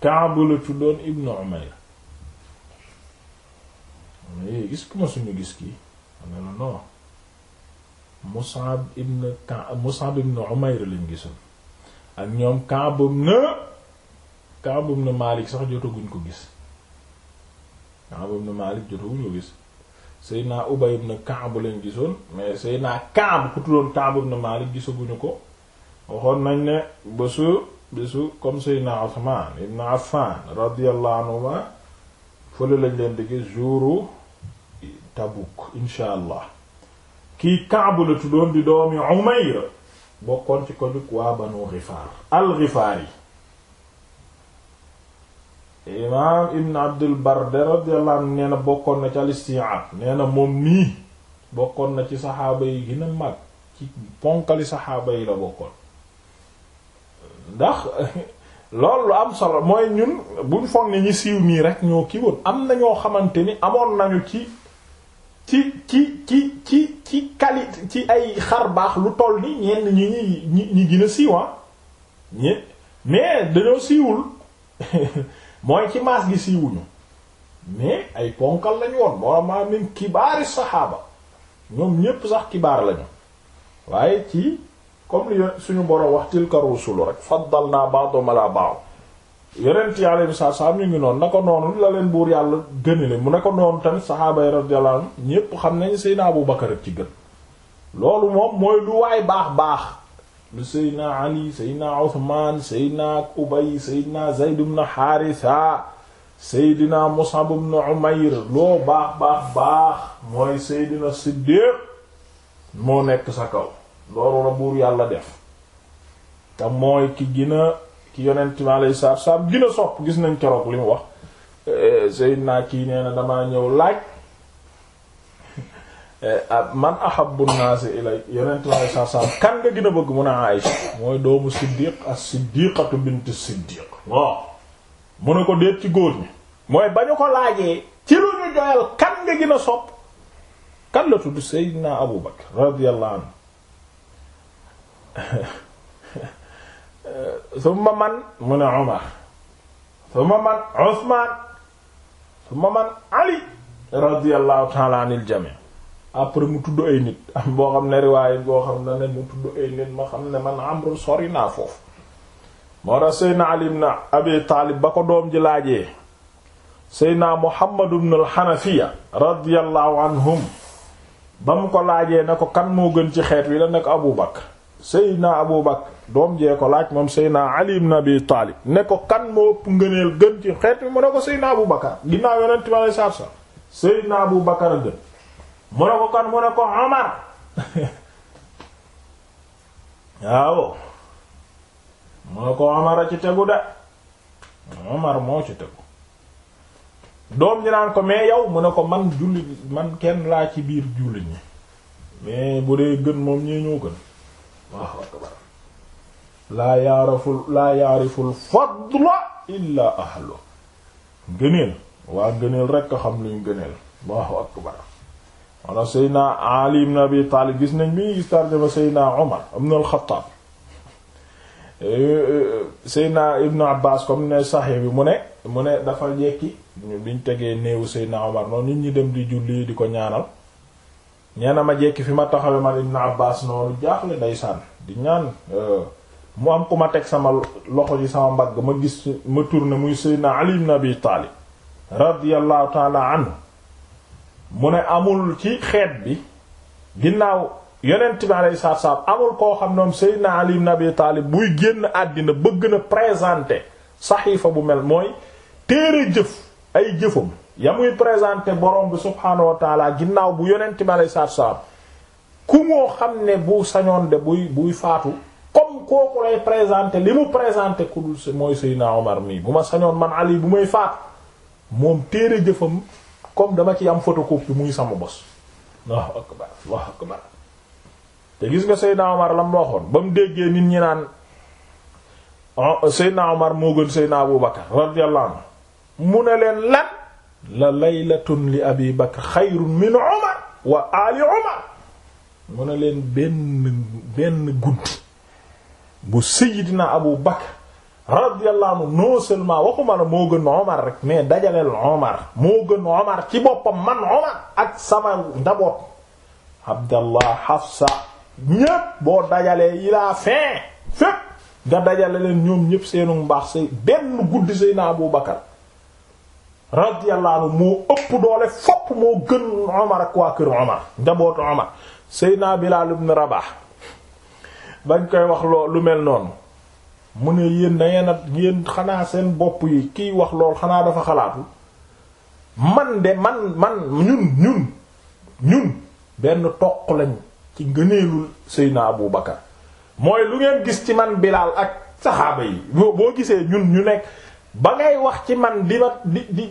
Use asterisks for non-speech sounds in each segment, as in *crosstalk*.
Kaab la tuddoon Ibnu Umayr mais eh, gis ku ma suñu gis kii ma ne la non Mus'ab ibn Kaab Mus'ab ibn gisoon ak ñoom Kaab ibn Kaab ibn Maalik sax jotaguñ ko gis Kaab ibn Maalik jotaguñ ko gis Seydina Ubay ibn Kaab lañ gisoon mais Seydina Kaab ku tuddoon Kaab ibn Maalik gisaguñu ko waxoon nañ ne bésu. bisu comme Seydina Usmaan ibn Affan radiyallahu anhuma fële lañ leen di gis jouru Tabuk insha allah kii Ka'b la tuddoon di doomi Umayr bokkoon ci ko waa Banu Gifaar al-Gifaari imaam ibn Abdul Barr radiyallahu anhu nee na bokkoon na ci al-Isti'ab moom nii bokkoon na ci saxaaba yi gën a mag ci ponkali saxaaba yi la bokkoon ndax loolu lu am solo mooy ñun buñ foog ne ñi siiw nii rek ñoo kii woon am na ñoo xamante ni amoon nañu ci ci ci ci ci ci qualité ci ay xar baax lu toll ni ñenn ñi ñi ñi gën a siiw ah. ñi mais dañoo siiwul *laughs* mooy ci maas gi siiwuñu mais ay ponkal lañu woon moo ma min kibaari saxaaba ñoom ñépp sax kibaar lañu waaye ci comme li suñu boroom wax tilka rusulu rek faddalna ba'dahum ala ba'd yonent yi alayhi salaam ñu ngi noonu na ko noonu la leen buur yàlla gënale mu ne ko noonu tamit saxaaba yi radiyallahu anhum ñépp xam nañu Seydina Abu Bakar ci gën loolu moom mooy lu waay baax baax lu Seydina Ali Seydina Uthman Seydina Ubay Seydina Zayd ibn Seydina Mus'ab ibn Umayr loo baax baax baax mooy Seydina Siddiq moo nekk sa kaw loolu la buur yàlla def te mooy ki gina a ki yonent mi alayhi salaatu salaam gën sopp gis nañ keroog li mu wax eh, Seydina kii nee damaa ñëw laaj eh, ah, man ahabbu naasi ilay yonent mi alayhi salaatu salaam kan nga gën a bëgg mun a Aïcha mooy doomu siddiq as-siddiqatu bint siddiq waaw mu ne ko déet ci góor ñi mooy ba ñu ko laajee ci lu ñu doyal kan nga gën sopp kan la tudd Seydina Abu Bakr radiyallahu anhu *laughs* ma man mu ne Umar summa man Usman summa man Ali radiyallahu ta'ala anil jami après mu tudd ay nit am *laughs* boo xam ne riwaayé boo xam ne ne mu tudd ay nit ma xam ne man amru sori naa foofu moo tax seydna Ali ibn Abi ba ko doom ji laajee seydna Muhammad ibn al-Hanafiya radiyallahu anhum ba mu ko laajee na ko kan moo gën ci xeet wi la nekk Abu Bakr Seydina Abu Bakr doom jee ko laaj moom Seydina Ali ibn Abi Taalib ne ko kan moo ëpp ngëneel gën ci xeet mi mu ne ko Seydina Abu Bakr ginnaaw yonent ma lay saab sa Abu Bakr a gën mu ne ko kan mu ne ko Omar *laughs* waaw mu ne ko Omar a ci tegu de Omar moo ci tegu doom ji naan ko mais yow mu ne ko man julli man kenn laa ci biir julli ñi mais bu dee gën moom ñee ñoo gën Allahu akbar laa yaarafu laa yaariful fadla illaa ahlu gëneel waa gëneel rekk a xam luñ gëneel Allahu akbar wala Seydina Ali ibn Abi Taalib gis nañ bi gis tarjama Seydina Omar ibn al-Khattab eh, eh, eh, Ibn Abbas comme ne saxee bi mu ne mu ne dafa jekki ñu biñ tegee néewu Seydina Omar noonu nit dem di julli di ko ñaanal neena ma jekki fi ma taxawe man Ibn Abbas noonu jaaxle ndeysaan di ñaan euh, mu am ku ma teg sama loxo ci sama mbagg ma gis ma tourné muy Seydina Ali ibn bi Taalib radiyallahu taala anhu mu ne amul ci xeet bi ginnaaw yonent bi amul koo xam noonu Seydina Ali ibn Abi Taalib buy génn àddina bëgg na présenter saxiifa bu mel mooy téere jëf ay jëfam yamuy muy présenté borom bi subhaanahu wa ginnaaw bu yonent bi alei saatu salaam ku moo xam ne bu sañoon de buy buy faatu comme kooku lay présente li mu présenté ku dul mooy Seydina Omar mii bu ma sañoon man Ali bu may faat moom téere jëfam comme dama ci am photocopie muy sama bos Allahu akbar Allahu akbar te gis nga Seydina Omar la mu waxoon ba mu déggee nit ñi naan oh, Seydina Omar moo gën Seydina bu Bakar radiyallahu mu ne leen lan la laylatun li abi bakr xayrun min umar wa ali umar mu ne leen benn benn guddi bu seydina abu bakr radiyallahu anhu non seulement waxuma la moo gën omar rek mais dajaleel omar moo gën omar ci boppam man omar ak sama ndaboot abdallah hafsa ñépp boo dajalee yi laa fin fépp nga dajale leen ñoom ñépp seenu mbaax say benn guddi seydina abu radiyallahu anhu moo ëpp doole fopp moo gën Omar ak waa kër Omar njabootu Omar Seydina Bilal ibn Rabah bañ koy wax loo lu mel noonu mu ne yéen dangeen a yéen xanaa seen bopp yi kiy wax lool xanaa dafa xalaatu man de man man ñun ñun ñun benn toq lañ ci ngëneelul Seydina Abu Bakar mooy lu ngeen gis ci man bilaal ak saxaaba yi boo gisee ñun ñu nekk ba ngay wax ci man di ma di di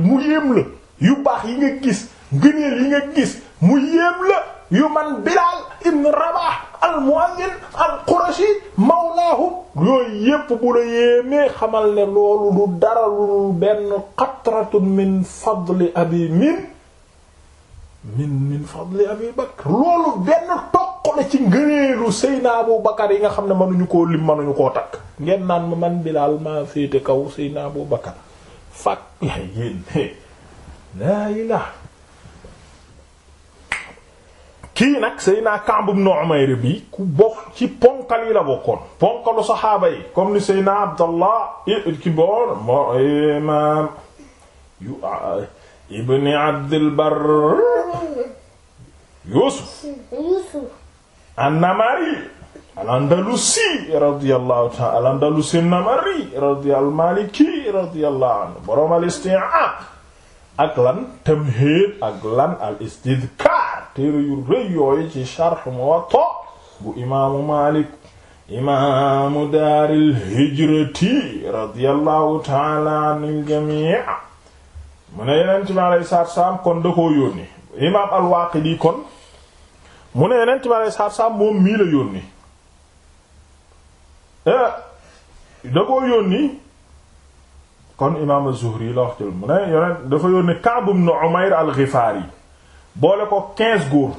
mu yéem la yu baax yi nga gis ngëneel yi nga gis mu yéem la yu man Bilaal ibn Rabah al-Mu'azzin al-Qurashi mawlaahu yooyu yépp bu la yéemee xamal ne loolu du dara lu benn qatratu min fadli abi min min min fadli abi Bakr loolu benn topp bokkale ci ngëneelu Seydina Abu yi nga xam ne mënuñu koo lim mënuñu koo takk ngeen naan ma man kaw Seydina Abu Bakar kii nag Seydina Ka'b ibn Umayr bi ku bokk ci ponkal yi la bokkoon ponkalu saxaaba yi comme ni Seydina Abdallah ibni Abdul Yuusuf an-Namari al-Andalusi radiyallahu ta'ala al-Andalusi an-Namari radiyal Maliki radiyallahu anhu borom al-Isti'ab ak lan Tamhid ak al-Istidhkar téere yu rëy ci Sharh Muwatta bu imaamu Malik imaamu daaril hijrati radiyallahu ta'ala anil jami' mu ne yeneen ci ma saat saam kon da koo yónni al-Waqidi kon mune ne yeneen tibe alay saam moom mii la yónni eh, da koo kon imaam az-Zuhri la wax ci mu ne yeneen dafa al-Ghifari boole ko quinze góor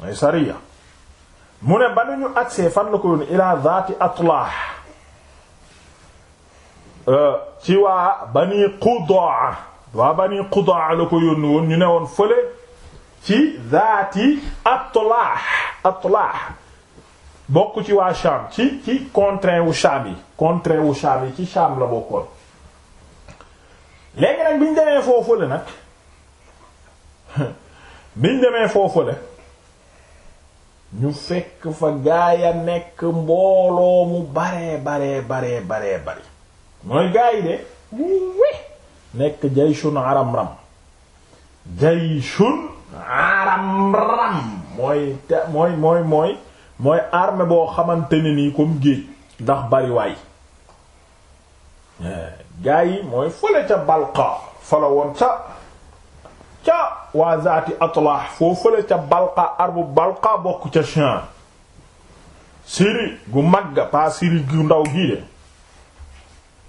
may sariya mu ne ba nu ñu la ko yónni ilaa zaati atlaah eh, ci waa bani Qudaa waa bani Qudaa la ko yónni woon ñu ne woon ci zaati atlaah atlaah bokk ci waa Sham ci ci contrain wu Sham yi contrain wu Sham yi ci Sham la bokkoon léegi nag biñ demee foofule nag *laughs* biñ demee foofule ñu fekk fa gaaya nekk mbooloo mu baree baree baree baree mooy gaa yi de nekk jayshun aramram jayshun aaram ram mooy mooy mooy mooy arme boo xamante ne nii comme géej ndax bariwaay eh, gaa yi mooy fële ca balqa fala woon ca ca waa zaati atlah foo fële ca balqa arbu balqa bokk ca chan siri gu magga pas siri gu ndaw gii de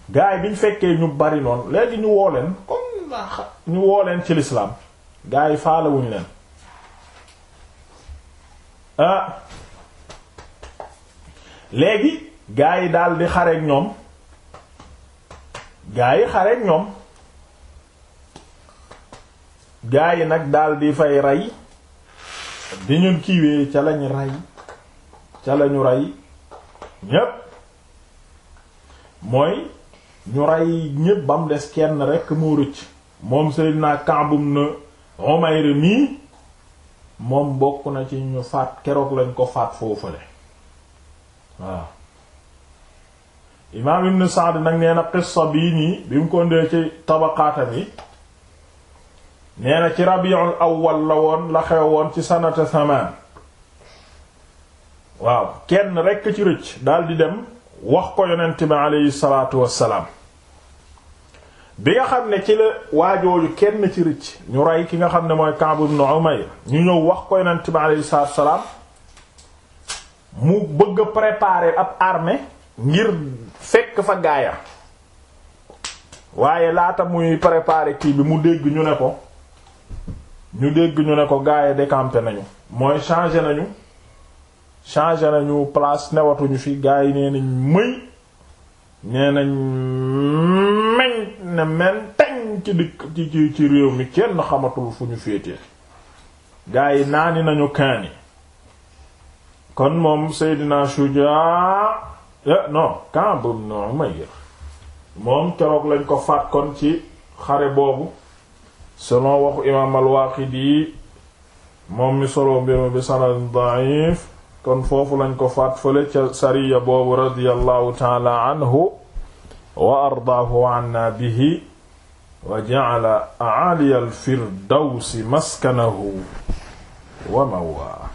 gaa yi biñ fekkee ñu bari noonu léegi ñu woo leen comme ñu woo leen ci lislaam gaa yi faalewuñ leen ah léegi gaa yi daldi di ñoom gaa yi xareek ñoom gaa yi nag daldi fay ray bi ñun kiiwee ca lañ rey ca lañu ray ñépp mooy ñu rey ñépp ba des kenn rekk moo rëcc moom Seydina Kaabum na Umayr mii moom bokk na ci ñu faat keroog lañ ko faat foofale waaw imaam Ibn Sa'd nag nee na qissa bii nii bi mu ko ndee ci tabaqaatam yi nee na ci rabiul awwal la woon la xew woon ci sanata samaan waaw kenn rekk ci rëcc daldi dem wax ko yonent bi aleyhi salaatu wassalaam bi nga xam ne ci la waajooju kenn ci rëcc ñu rey ki nga xam ne mooy Ka'b ibn Umayr ñu ñëw wax koy nanti bi alayhi salaatu salaam mu bëgg a ab armée ngir fekk fa gaaya waaye laata muy préparer kii bi mu dégg ñu ne ko ñu dégg ñu ne ko gaaya décampé nañu mooy changé nañu changé nañu place newatuñu fi gaay yi nee nañ mëy nee nañ ne ci dikk ci réew mi kenn xamatul fu ñu féete gaa yi naani nañu kaani kon moom Seydina Shujaa eh, non Kaab ibn Umayr moom keroog lañ ko faat kon ci xare boobu selon waxu imaam al-Waaqidi moom mi solo mbiru bi sanad da'if kon foofu lañ ko faat fële ca sariya boobu radiyallahu ta'ala anhu wa ardaahu anna bihi wa ja'ala a'ali al-firdawsi maskanahu wa mawaa